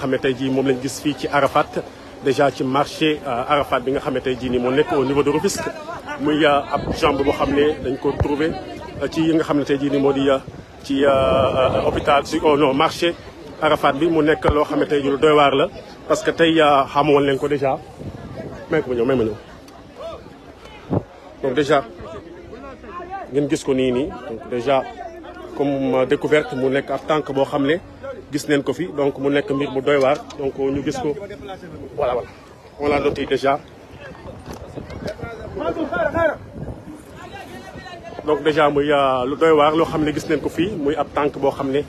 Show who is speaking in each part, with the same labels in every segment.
Speaker 1: xamé ne tey jii moom gis fi ci Arafat déjà ci marché euh, Arafat bi nga xamé ne tey jii nii moo nekk au niveau de Rufisque muy euh, ab jambe bo xamné dañ ko trouvé euh, ci yi nga xam ne tey jii nii ci hôpital ci oh non marché Arafat bi mu nekk lo xamé ne tey lu doy war la parce que tay xamu woon leen ko déjà may ko ñu ñëw may ma donc déjà ngeen gis ko ni ni donc déjà comme découverte mu nekk ab tank bo xamné gis neen ko fi donc mu nekk mbir bu doy waar donc ñu gis ko voilà voilà on l'a noté déjà donc déjà muy euh, lu doy waar loo xam ne gis neen ko fii muy ab tànk boo xam ne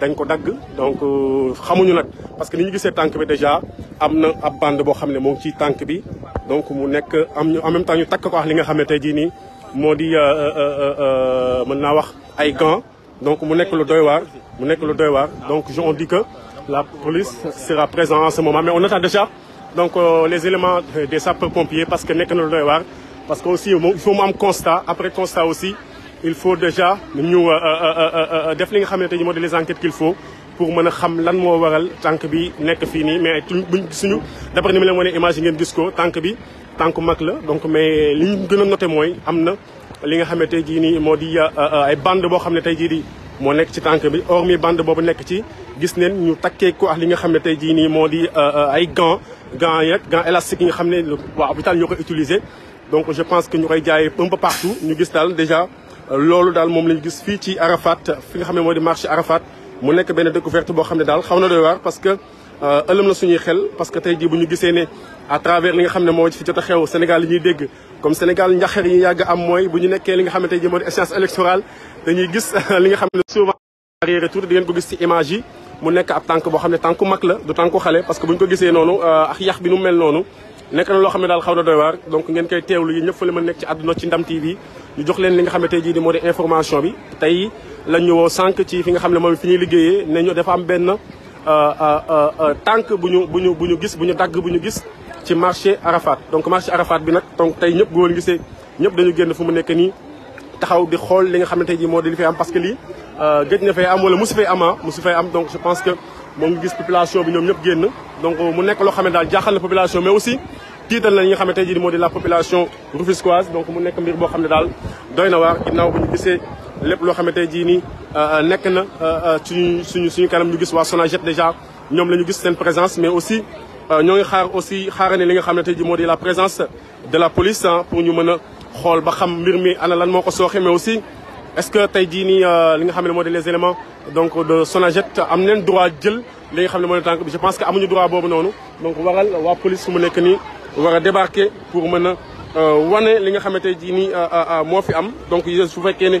Speaker 1: dañ ko dagg donc euh, xamuñu nag parce que ni ñu gisee tànk bi déjà am na ab bande boo xam ne moo ngi ci tànk bi donc mu nekk am ñu en même temps ñu takk ko ak li nga xam ne tey jii nii moo di euh, mën naa wax ay gants donc mu école lu doy mon mu nekk lu doy donc on dit que la police sera présente en ce moment mais on attend déjà donc euh, les éléments des sapeurs-pompiers parce que nekk na lu doy parce que aussi il faut même am constat après constat aussi il faut déjà ñu euh, euh, def li nga xamante ni les enquêtes qu'il faut pour mën a xam lan moo waral tànk bi nekk mais buñ suñu d'après ni ma leen wane image yi ngeen gis ko tànk bi tànk la donc mais li ñu gën a noté mooy euh, euh, li nga xam ne tey jii nii moo di ay bande bo xamné ne jii di mo nek ci tank bi hormis bande boobu nek ci gis neen ñu takké ko ak li nga xamné ne tey jii nii moo ay gants gants yeeg gants élastiques nga xamné ne waa hôpital ñoo ko donc je pense que ñu koy jaayee un peu partout ñu gis dal déjà euh, lolu dal mom lañu gis fi ci Arafat fi nga xamné modi marché Arafat mu nek ben découverte bo xamné dal daal doy war parce que euh, ëlëm na suñuy xel parce que tey jii bu ñu gisee ne à travers li nga xam ne moo fi jot a xew Sénégal yi ñuy dégg comme Sénégal njaxar yi yàgg am mooy bu ñu nekkee li nga xam ne tey jii moo di échéance électorale dañuy gis euh, li nga xam ne souvent arrière tour di ngeen ko gis ci image yi mu nekk ab tànk boo xam ne tànku mag la du tànku xale parce que bu ñu ko gisee noonu euh, ak yax bi nu mel noonu nekk na loo xam ne daal xaw na doy waar donc ngeen koy teewlu yi ñëpp fa la mën nekk ci àdduna ci ndam TV ñu jox leen li nga xam ne tey jii di moo di information bi tey lañ ñu woo sànq ci fi nga xam ne moom fi ñuy liggéeyee ne ñu dafa am benn euh, euh, euh, tànk bu ñu bu ñu bu ñu gis buñu ñu buñu bu ñu gis ci marché Arafat donc marché Arafat bi nak donc tay ñep ñëpp góor gisee ñep dañu genn fu mu nekk ni taxaw di xol li nga xamanté ji tey di li fay am parce que lii gëj na fay am wala mosu fay ama ah, mosu fay am donc je pense que mo ngi gis population bi ñom ñep genn donc mu nekk lo xam dal jaxal jaaxal na population mais aussi tital la li nga xam ne tey di la population rufisquoise donc mu nekk mbir bo xam dal doyna war ginnaw buñu gisé lepp lo xamé tey jii nii euh, euh, nekk na euh, suñu suñu suñu kanam ñu gis waa Sonaget déjà ñom lañu gis sen présence mais aussi ñoo ngi xaar aussi xaarane li nga xamné ne tey la présence de la police hein, pour ñu mëna xol ba xam mbir mi ana lan moko ko mais aussi est-ce que tey jii nii li nga xamné modi les éléments donc de Sonaget am droit jël li nga xamné modi moo je pense que amuñu droit bobu noonu donc waral wa police fu mu nekk ni wara débarquer pour mëna a wane li nga xamante ji nii moo fi am donc su fekkee ne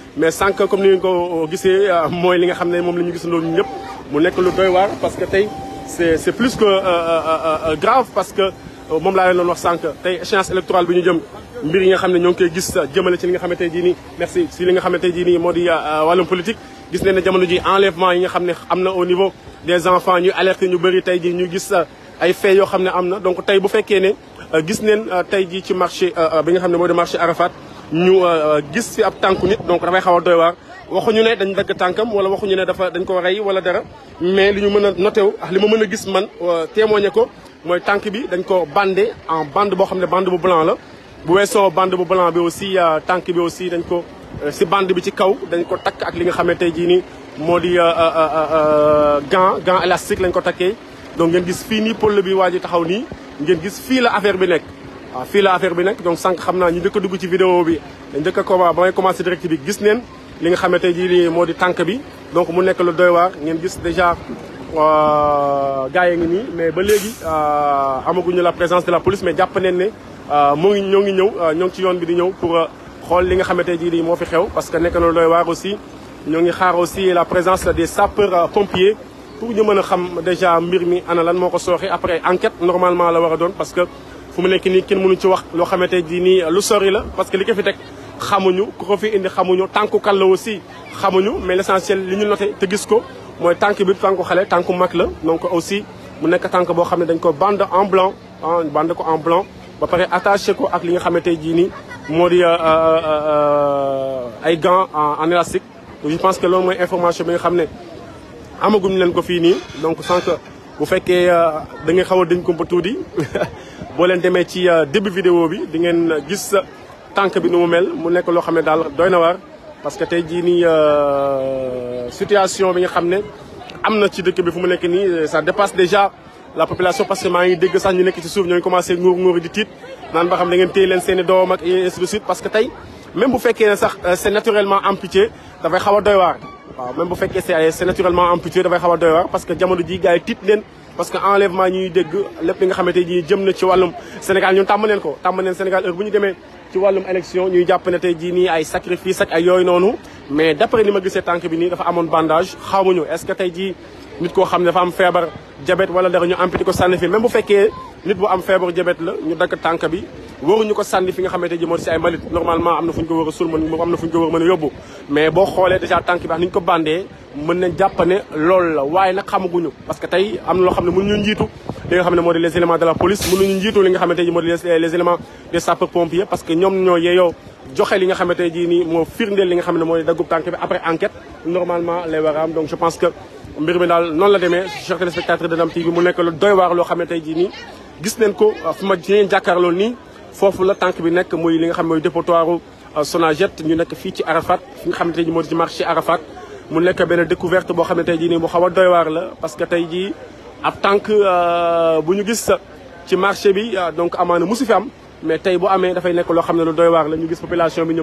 Speaker 1: mais sànq comme ni ngeen ko gisee euh, mooy li nga xam ne moom la ñu gisandoo ñëpp mu nekk lu doy waar parce que tey c'est c'est plus que euh, euh, grave parce que mom la leen doon wax sànq tey échéance électorale bi ñu jëm mbir yi nga xam ñong ñoo ngi koy gis jëmale ci li nga xam tay tey merci ci li nga xam tay tey modi walum politique gis nañ ne jamono ji enlèvement yi nga xam amna au niveau des enfants ñu alerter ñu bari tay jii ñu gis ay faits yo xam amna donc tay bu fekkee ne gis neen tay jii ci marché bi nga xam modi marché Arafat ñu euh, gis si ab tànku nit donc dafay xaw a doy waar waxuñu ne dañu dëgg tankam wala waxuñu ne dafa dañ ko ray wala dara mais li ñu mën noté wu ah li ma mën gis man euh, témoigné ko moy tank bi dañ ko bandé en bande bo xamné bande bu blanc la bu weesoo bande bu blanc bi aussi euh, tank bi aussi dañ ko ci bande bi ci kaw dañ ko tak ak li nga xam ne tey jii nii euh euh gant gant élastique lañ ko takkee donc ngeen gis fi ni pôle bi waa taxaw ni ngeen gis fi la affaire bi nek waaw la affaire bi nekk donc sank xamna ñu njëkk dugg ci vidéo bi njëkk a commencé ba may commencé direct bi gis neen li nga xamé tay di jii lii moo bi donc mu nekk lu doy war ngeen gis déjà euh, gars yi ngi ni mais ba euh, amagu ñu la présence de la police mais japp neen ne euh, mu ngi ñoo ngi ñëw ñoo ci yoon bi di ñew pour xol li nga xamé tay di mo fi xew parce que nekk na lu doy war aussi ñoo ngi xaar aussi la présence des sapeurs pompiers pour ñu mëna xam déjà mbir mi ana lan moko soxé après enquête normalement la wara doon parce que fu mu nekk nii kenn mënu ci wax loo xamante ji nii lu sori la parce que li ko fi teg xamuñu ku ko fi indi xamuñu tànku kan la aussi xamuñu mais l'essentiel li ñu noté te gis ko mooy tànk bi tànku xale tànku mag la donc aussi mu nekk tànk boo xam ne dañ ko bande en blanc ah bande ko en blanc ba pare attaché ko ak li nga xamante ji nii moo di euh, euh, ay gants en élastique je pense que loolu mooy information bi nga xam ne amaguñ leen ko fii nii donc sans que bu fekkee euh, da ngeen xaw dañ ko kumpa tuuti boo leen demee ci euh, début vidéo bi di ngeen gis tànk bi nu mu mel mu nekk loo xam ne daal doy na waar parce que tey jii nii euh, situation bi nga xam ne am na ci dëkk bi fu mu nekk nii ça dépasse déjà la population parce que maa ngi dégg sax ñu nekk ci suuf ñoo ngi commencé nguur nguur di tiit naan ba xam da ngeen téye leen seen i doom ak ainsi de suite parce que tey même bu fekkee ne sax c'est naturellement amputé dafay xaw a doy waar même bu fekkee c'est c'est naturellement amputé dafay xaw a doy waar parce que jamono ji gars yi tiit leen parce que enlèvement ñuy dégg lépp li nga xamante ji jëm na ci wàllum Sénégal ñun tàmm neen ko tàmm neen Sénégal heure bu ñu demee ci wàllum élection ñuy jàpp ne tey jii nii ay sacrifice ak ay yooyu noonu mais d'après li ma gisee tànk bi nii dafa amoon bandage xamuñu est-ce que tey jii nit ko xamne ne dafa am feebar diabète wala dara ñu amputé ko sanni fi même bu féké nit bu am feebar diabète la ñu dakk tank bi ñu ko sanni fi nga xamante ji moo si ay malit normalement am na fu ko war sul man am na fu ko war a yobbu mais bo xolé déjà tank bi ak ni ñu ko bandé mën nañ jàpp ne loolu la waaye nag xamaguñu parce que tay am na loo xam ne mënuñu njiitu li nga xamné ne les éléments de la police ñu njiitu li nga xamante ji moo les éléments des sapeurs pompiers parce que ñom ñoo yeeyoo joxe li nga xamante ji ni mo firndel li nga xamné ne moo tank bi après enquête normalement les waram donc je pense que mbir mi daal noonu la demee chers de Ndam TV mu nekk lu doy waar loo xam tey jii nii gis neen ko ah, fu ma ci jàkkaarloo nii foofu la tànk bi nekk muy li nga xam mooy dépotoiru ah, ñu ci Arafat fi nga ni marché Arafat mu nekk benn découverte boo xam ne mu xaw doy waar la parce que tey jii ab tànk ah, bu ñu gis ci marché bi donc amaana musu fi am mais tey bu amee dafay nekk loo xam ne lu doy waar la ñu gis population bi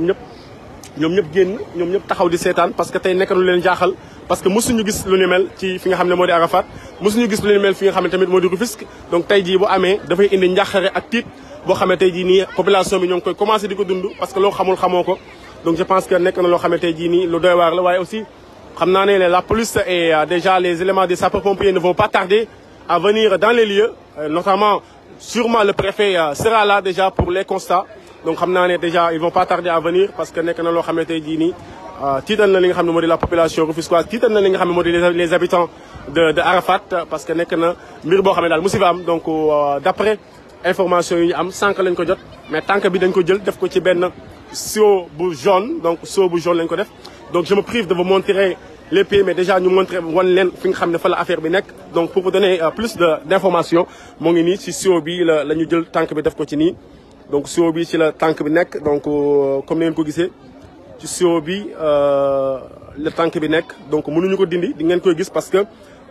Speaker 1: ñom ñep génn ñom ñep taxaw di sétane parce que tay nekk lu leen jaaxal parce que mosuñu gis lu ñu mel ci fi nga xam modi Arafat mosuñu gis lu ñu mel fi nga xam tamit modi di Rufisque donc tey jii bu da fay indi njàqare ak tiit bo xamé tay ji ni population bi ñong koy commencé diko dund parce que lo xamul xamoko donc je pense que nekk na lo xamé tay ji ni lu doy war la waaye aussi xam naa ne la police et euh, déjà les éléments des sapeurs-pompiers ne vont pas tarder à venir dans les lieux euh, notamment sûrement le préfet euh, sera là déjà pour les constats donc xam déjà ils vont pas tarder à venir parce que nek na lo xamé tay tey jii nii euh, na li nga xamné modi la population rufisquoise tiital na li nga xamné modi les habitants de de Arafat parce que nek na mbir bo xam dal musiba am donc euh, d'après information yi ñu am sank lañ ko jot mais tank bi dañ ko jël def ko ci ben seau bu jaune donc seau bu jaune lañ ko def donc je me prive de vous montrer les pieds mais déjà ñu montrer won len fi nga xamné ne fa la affaire bi nek donc pour vous donner euh, plus de d'information moo ngi ni si seau bi la jël tank bi def ko ci ni donc siwo bi ci la tank bi nek donc euh, comme ni ngeen ko gisee ci siwo bi euh, le tank bi nek donc mënuñu ko dindi di ngeen koy gis parce que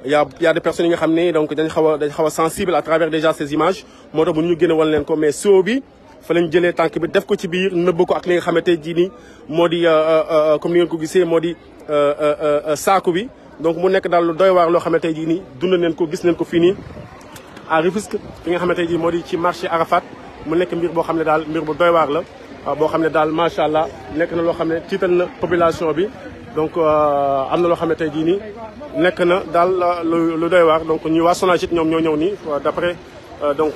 Speaker 1: il y a il y a des personnes yi nga xam donc dañ xawa dañ xawa sensible à travers déjà ces images moo tax ñu gëné wal leen ko mais siwo bi fa lañ jëlé tank bi def ko ci biir neub ko ak li nga xamé tay ji ni moo di euh, comme ni ngeen ko gisee euh di saaku bi donc mu nek dal lu doy war lo xamé tay ji ni dund neen ko gis neen ko fini nii à Rufisque li nga xamante ji moo di ci marché Arafat mu nekk mbir boo xam ne daal mbir bu doy waar la ah, boo xam ne daal macha allah nekk na loo xam ne tiital na population bi donc euh, am na loo xam ne tey jii nii nekk na daal ah, lu lu doy waar donc ñuy waa Sonaged ñoom ñoo ñëw nii euh, d'après euh, donc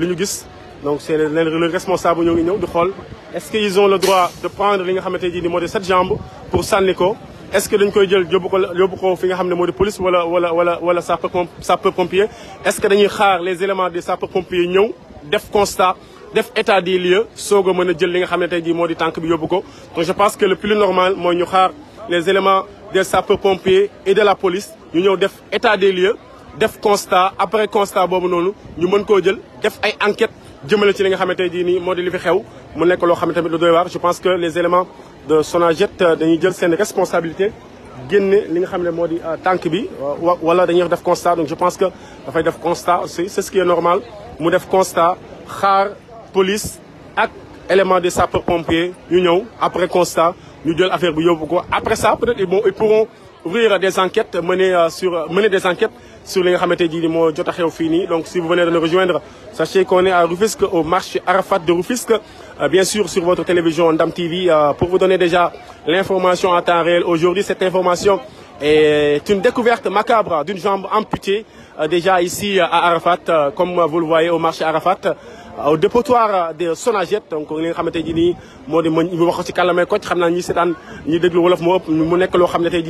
Speaker 1: li ñu gis donc c'est le responsable ñoo ngi ñëw di xool est-ce que ils ont le droit de prendre li nga xamante ne jii nii moo di cette jambe pour sànni ko est-ce que dañ koy jël yóbbu ko yóbbu ko fi nga xam ne moo di police wala wala wala wala sapeur pompier est-ce que dañuy xaar les éléments des sapeur pompiers ñëw def constat def état des lieux sogo a mën jël li nga xamné tay di modi tank bi yobuko donc je pense que le plus normal moy ñu xaar les éléments des sapeurs-pompiers et de la police ñu ñëw def état des lieux def constat après constat bobu nonu ñu mën ko jël def ay enquêtes jëmale ci li nga xamné tay di ni modi li fi xew mu nekk lo xamné tamit lu doy war je pense que les éléments de SONAGED euh, dañuy jël une responsabilité génne li nga xamné modi euh, tank bi wala dañuy def constat donc je pense que dafay def constat aussi c'est ce qui est normal mu constat khar police ak élément de sapeur pompier union. après constat nous jël affaire bi après ça peut ils pourront ouvrir des enquêtes mener euh, sur euh, mener des enquêtes sur les nga xamante ji donc si vous venez de nous rejoindre sachez qu'on est à Rufisque au marché Arafat de Rufisque euh, bien sûr sur votre télévision Ndam TV pour vous donner déjà l'information en temps réel aujourd'hui cette information est une découverte macabre d'une jambe amputée euh, déjà ici euh, à Arafat, euh, comme vous le voyez au marché Arafat. au dépotoir de Sonaget donc li nga xamante ji nii moo di ma ñu wax ci kàllamay kocc xam naa ñi seetaan ñi déglu wolof moo ëpp mu nekk loo xam ne tey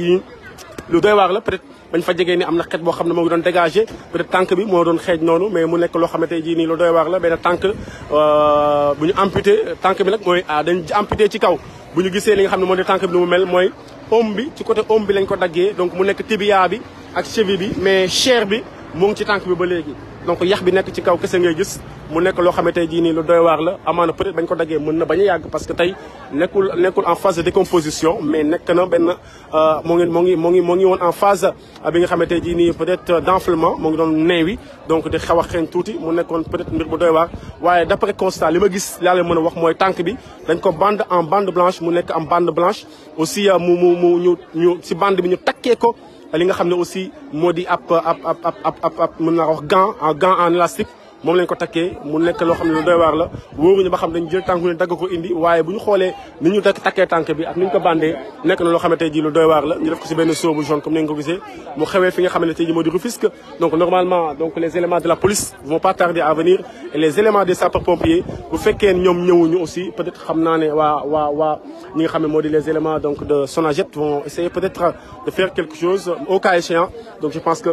Speaker 1: lu doy waar la peut-être bañ fa jegee ni amna na xet boo xam ne moo ngi doon dégager peut-être tank bi mo doon xeej nonou mais mu nek lo xam ne tey jii lu doy wax la ben tank euh buñu amputé tank bi nak moy ah, dañu amputé ci kaw buñu gissé gisee li nga xam ne moo di tànk bi lu mu mel moy om bi ci côté om bi lañ ko daggee donc mu nekk tibia bi ak cheville bi mais chair bi mon petit ci bi donc bi ci kaw gis peut-être parce que en phase de décomposition mais na en phase bi nga peut-être d'enflement donc peut-être constat lima gis wax bi bande en bande blanche mu en bande blanche aussi bande li nga xam aussi moo ap ap ap ap ap ap mën naa wax gant en gant en élastique moom lañ ko takkee mu nekk loo xam ne lu doy waar la wóoruñu ba xam dañu jël tànku ne dagg ko indi waaye bu ñu xoolee ni ñu takk takkee tànk bi ak ni ñu ko bandee nekk na loo xam ne tey ji lu doy waar la ñu def ko si benn soo bu jaune comme ni nga ko gisee mu xewee fi nga xam ne tey ji moo di Rufisque donc normalement donc les éléments de la police vont pas tarder à venir et les éléments des sapeurs pompiers bu fekkee ñoom ñëwuñu aussi peut être xam naa ne waa waa waa ñi nga xam ne moo di les éléments donc de Sonaget vont essayer peut être de faire quelque chose au cas échéant donc je pense que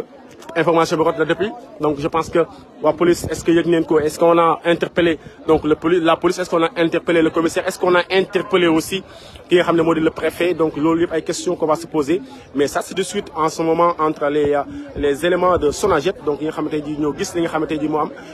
Speaker 1: information depuis donc je pense que la police est-ce que est-ce qu'on a interpellé donc le police la police est-ce qu'on a interpellé le commissaire est-ce qu'on a interpellé aussi qui le préfet donc y a ay questions qu'on va se poser mais ça c'est de suite en ce moment entre les euh, les éléments de agent donc yi nga a des li nga du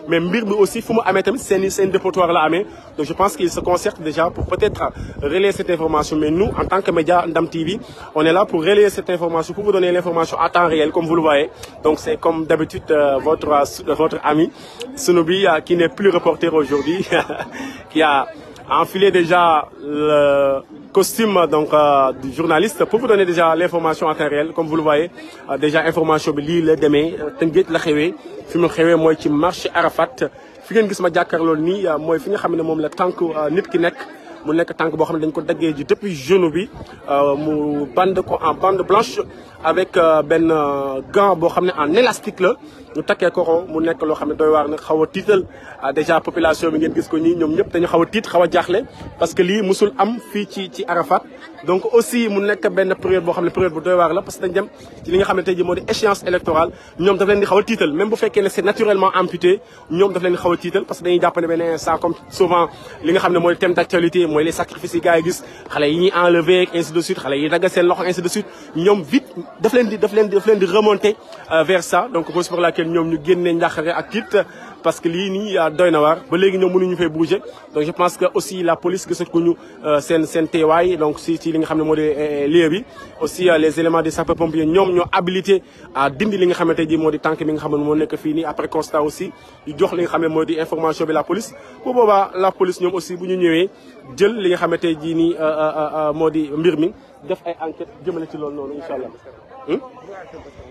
Speaker 1: mais aussi la donc je pense qu'ils se concertent déjà pour peut-être relayer cette information mais nous en tant que média Ndam TV on est là pour relayer cette information pour vous donner l'information à temps réel comme vous le voyez donc c'est comme d'habitude euh, votre, euh, votre ami Sunubi euh, qui n'est plus reporter aujourd'hui, qui a enfilé déjà le costume donc, du journaliste pour vous donner déjà l'information en comme vous le voyez. déjà information bi l'île la demee la xewee fi mu qui Arafat fi ngeen gis ma jàkkaarloo nii mooy fi nga nit ki mu nekk tànk boo xam ne dañ ko daggee ji depuis genou bi euh, mu band ko en bande blanche avec euh, benn euh, gant boo xam ne en élastique la ñu takkee ko ko mu nekk loo xam ne doy waar nag xaw a tiital déjà population bi ngeen gis ko ñii ñoom ñëpp dañu xaw a tiit xaw a jaaxle parce que lii musul am fii ci ci Arafat donc aussi mu nekk benn période boo xam ne période bu doy waar la parce que dañ dem ci li nga xam ne tey ji moo di échéance électorale ñoom daf leen di xaw a tiital même bu fekkee ne c'est naturellement amputé ñoom daf leen di xaw a tiital parce que dañuy jàpp ne benn ça comme souvent li nga xam ne mooy thème d'actualité mooy les sacrifices yi gars yi gis xalé yi ñuy enlever ainsi de suite xalé yi dagg sen loxo ainsi de suite ñom vite daf leen di daf leen di daf leen di remonter euh, vers ça donc cause pour laquelle ñom ñu génne njàqare ak it parce que li ni doy na waar ba léegi ñoom mënuñu fee bouger donc je pense que aussi la police que gisatuñu euh, sen sen téway donc si ci li nga xamné ne moo euh, euh, lieu bi aussi les éléments des sapeurs pompiers ñom ñoo habilité à dindi li nga xamné tay di modi tank mi nga xamné mo nek nekk fii après constat aussi ñu jox li nga xamné modi information bi la police bu boobaa la police ñom aussi bu ñu ñëwé jël li nga xamante ji nii moo modi mbir mi def ay enquête jëmale ci lool noonu inshallah Hein?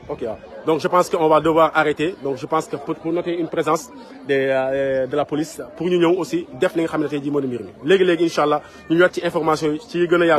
Speaker 1: Ok. Ah. Donc je pense qu'on va devoir arrêter. Donc je pense que pour noter une présence de euh, euh, de la police pour ñu ñëw aussi def li nga xam ne tey jii moo di mbir mi léegi léegi incha allah ñu ñëwaat ci information ci gën a